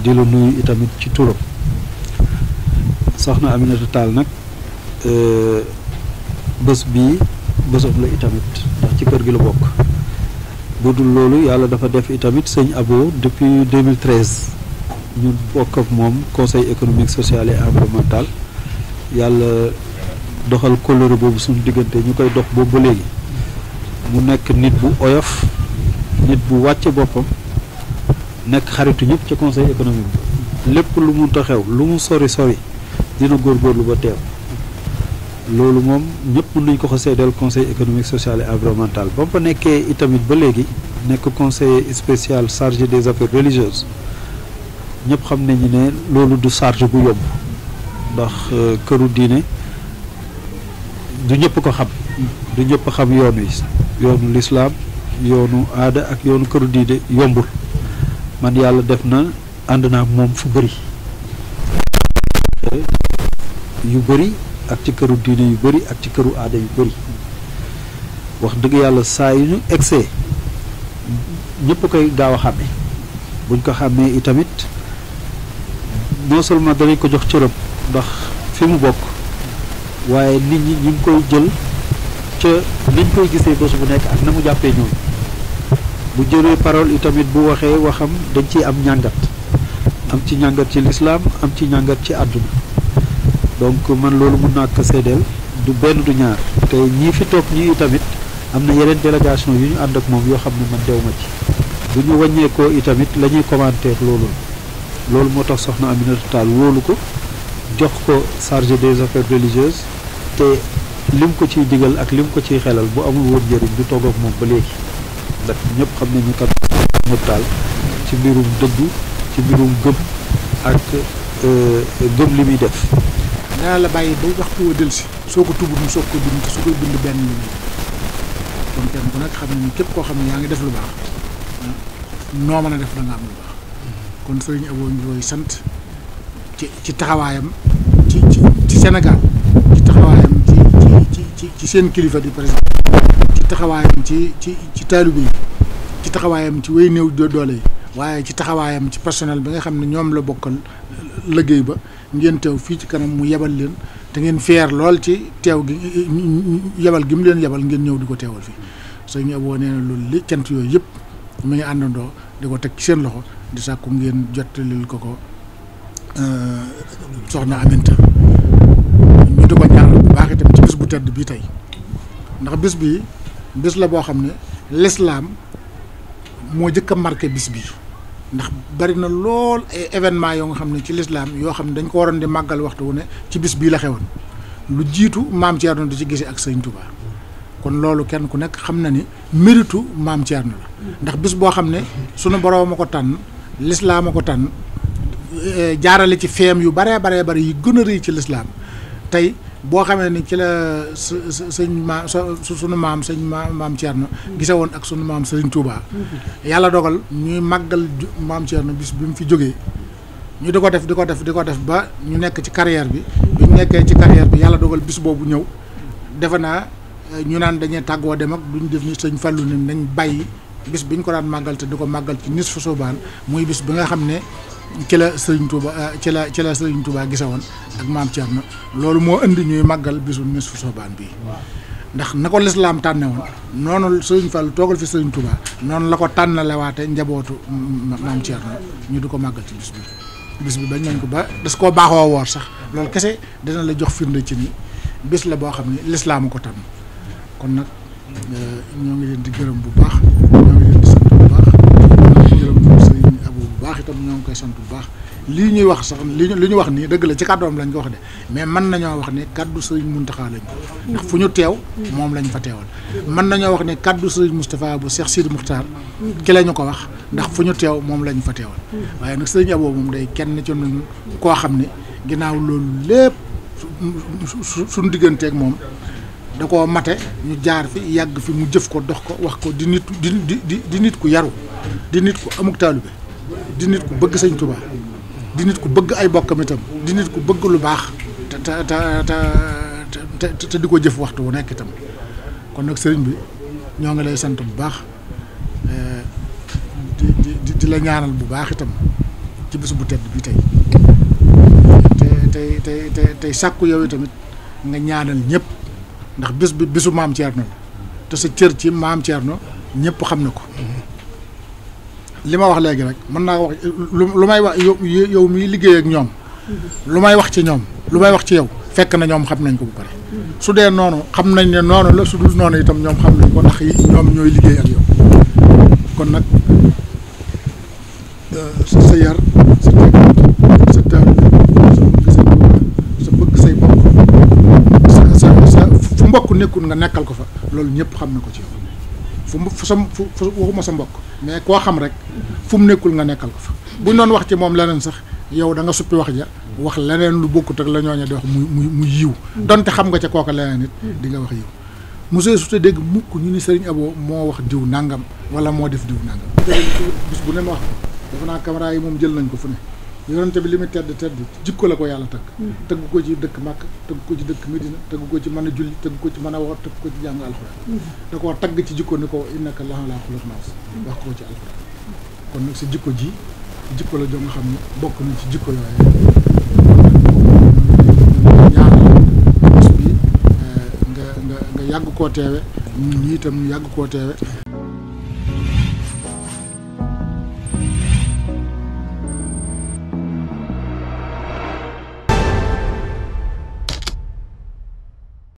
di la nuyu itamit ci turam soxna Aminata taal nag euh, bés bii bésam la itamit ndax ci kër gi la bokk bu dul loolu yàlla dafa def itamit sëñ Abo depuis 2013 ñu bokk ak moom conseil économique social et environnemental yàlla doxal kóllëre boobu suñu diggante ñu koy dox boobu ba léegi mu nekk nit bu oyof nit bu wàcce boppam nekk xaritu ñëpp ci conseil économique bi lépp lu mun ta xew lu mu sori sori dina góorgóorlu ba teew loolu moom ñëpp mun nañ ko ko seedeel conseil économique social et environnemental ba fa nekkee itamit ba léegi nekk conseil spécial chargé des affaires religieuses ñëpp xam nañu ne loolu du charge bu yomb ndax euh, këru diine du ñëpp ko xam du ñëpp xam yoon wi yoonu lislaam yoonu aada ak yoonu këru diine yombul man yàlla def na ànd naa moom fu bari yu bëri ak ci këru diine yu bëri ak ci këru aada yu bëri wax dëgg yàlla saa yu ñu egsee ñëpp koy gaaw a xàmme buñ ko xàmmee itamit non seulement danañ ko jox cëram ndax fi mu bokk waaye nit ñi ñu ngi koy jël ca niñ koy gisee bés bu nekk ak na mu jàppee ñooñ bu jëlee parole itamit bu waxee waxam dañ ciy am ñàngat am ci ñàngat ci lislaam am ci ñàngat ci àdduna donc man loolu mun naa ko seedeel du benn du ñaar te ñii fi toog ñi itamit am na yeneen délégation yu ñu ànd ak moom yoo xam ne man dew ma ci bu ñu wàññeekoo itamit la ñuy commentaire loolu loolu moo tax soxna Aminata Tall wóolu ko jox ko chargé des affaires religieuses te lim ko ciy digal ak lim ko ciy xelal bu amul woon njëriñ du toog ak moom ba léegi ndax ñëpp xam nañu kat ñëpp taal ci mbirum dëgg ci mbirum gëm ak euh, gëm li muy def. naa la bàyyi ba waxtu woo dellusi soo ko tubut mu soog ko bind te su bind benn yi kon kenn ku nekk xam ne ni képp koo xam ne yaa ngi def lu baax ah, noo mën a def da nga am lu baax kon sëriñ Abo sant ci taxawaayam ci ci ci ci ci seen kilifa di président taxawaayam ci ci ci taalibe yi ci taxawaayam ci way néew doole yi waaye ci taxawaayam ci personnel bi nga xam ne ñoom la bokkal liggéey ba ngeen teew fii ci kanam mu yebal leen te ngeen feer lool ci teew gi yebal gi mu leen yebal ngeen ñëw di ko teewal fii sëñ Abo nee na loolu li cant yooyu yëpp mi ngi àndandoo di ko teg ci seen loxo di sàkku ngeen jottalil ko ko euh, soxna Aminta ñu di ko ñaanal bu baax itam ci bis bu tedd bii tey ndax bis bii. bis la boo xam ne l'islam moo jëkk a marqué bis bi ndax bari na lool ay événement yoo nga xam ne ci lislaam yoo xam ne dañ ko waroon di màggal waxtu wu ne ci bis bii la xewoon lu jiitu maam Thierno di ci gisee ak sëñ kon loolu kenn ku nekk xam na ni méritu maam Thierno la ndax bis boo xam ne sunu boroom ko tànn l'islam a ko tànn eh, jaarale ci feem yu baree baree bari yu gën a rëy ci l'islam tey boo xamee ni ci la su sëñ su sunu maam sëñ maam Thierno gise woon ak sunu maam Serigne Touba. yàlla dogal ñuy màggal maam Thierno bis bi mu fi jógee ñu di ko def di ko def di ko def ba ñu nekk ci carrière bi. nekkee ci carrière bi yàlla dogal bis boobu ñëw defe naa eh, ñu naan dañuy tàggoo dem ak duñ def ni sëñ Fallou ni nañ bàyyi bis bi ñu ko daan màggal te di ko màggal ci nis fa soobaan muy bis bi nga xam ne. ci la sëriñ Touba ah, ci la ci la sëriñ Touba gise woon ak maam Thierno loolu moo indi ñuy màggal bisu Nisfu Soobaan bii ndax na ko lislaam tànne woon noonu sëriñ Fall toogal fi sëriñ noonu la ko tànnalewaate njabootu maam na ñu du ko màggal ci bis bi bis bi bañ nañ ko ba des koo baaxoo woor sax loolu kese dina la jox firnde ci ni bis la boo xam ne lislaam ko tànn kon nag euh, ñoo ngi leen di gërëm bu baax baax itam ñoo ngi koy sant bu baax lii ñuy wax sax li li ñu wax nii dëgg la ci kàddoom lañ ko wax de mais mën nañoo wax ne kàddu sëriñ Muntaxa lañ ko ndax fu ñu teew moom lañ fa teewal mën nañoo wax ne kàddu sëriñ Moustapha bu Cheikh Sidi Muxtaar ki la ko wax ndax fu ñu teew moom lañ fa teewal waaye nag sëriñ Abo moom day kenn ci ñun koo xam ne ginnaaw loolu lépp suñu digganteeg moom da koo mate ñu jaar fi yàgg fi mu jëf ko dox ko wax ko di nit di di di nit ku yaru di nit ku amuk taalu bi di nit ku bëgg sëñ Touba di nit ku bëgg ay bokkam itam di nit ku bëgg lu baax te te te di ko jëf waxtu wu nekk itam kon nag sëriñ bi ñoo ngi lay sant bu baax eh, di di di la ñaanal bu baax itam ci bés bu tedd bi tey te tey tey tey tey sàkku yow tamit nga ñaanal ñëpp ndax bés bi bésu maam Thierno la te sa cër ci maam Thierno ñëpp xam na ko. li ma wax léegi rek mën naa wax lu may wax yow miy liggéey ak ñoom lu may wax ci ñoom lu may wax ci yow fekk na ñoom xam nañ ko bu pare su dee noonu xam nañ ne noonu la su dul noonu itam ñoom xam nañ ko ndax ñoom ñooy liggéey ak yow kon nag euh, sa yar sa teg sa taal sa sa bëgg say bokk sa sa sa fu mbokk nekkul nga nekkal ko fa loolu ñëpp xam na ko ci yow fu sa fu waxuma sa mbokk mais koo xam rek fu mu nekkul nga nekkal ko fa buñ doon wax ci moom leneen sax yow da nga suppi wax ja wax leneen lu bokkut ak la ñooñu di wax mu mu mu yiw donte xam nga ca kooka leneen it di nga wax yiw monsieur su te dégg mukk ñu ni Serigne Abo moo wax diw nangam wala moo def diw nangam bis bu ne ma wax ko naa caméra yi moom jël nañ ko fu ne yonente bi li muy tedd tedd jikko la ko yàlla tagg tagg ko ci dëkk Màkka tagg ko ci dëkk Medina tagg ko ci man a julli tagg ko ci mën a woor tagg ko ci jàng alxuraan da ko tagg ci jikko ni ko innaka laa laa xuluq naas wax ko ci alxuraan kon nag sa jikko ji jikko la joo nga xam ne bokk na ci jikko yooyu ñaanal bis bi eh, nga nga nga yàgg koo teewe ñun itam yàgg koo teewe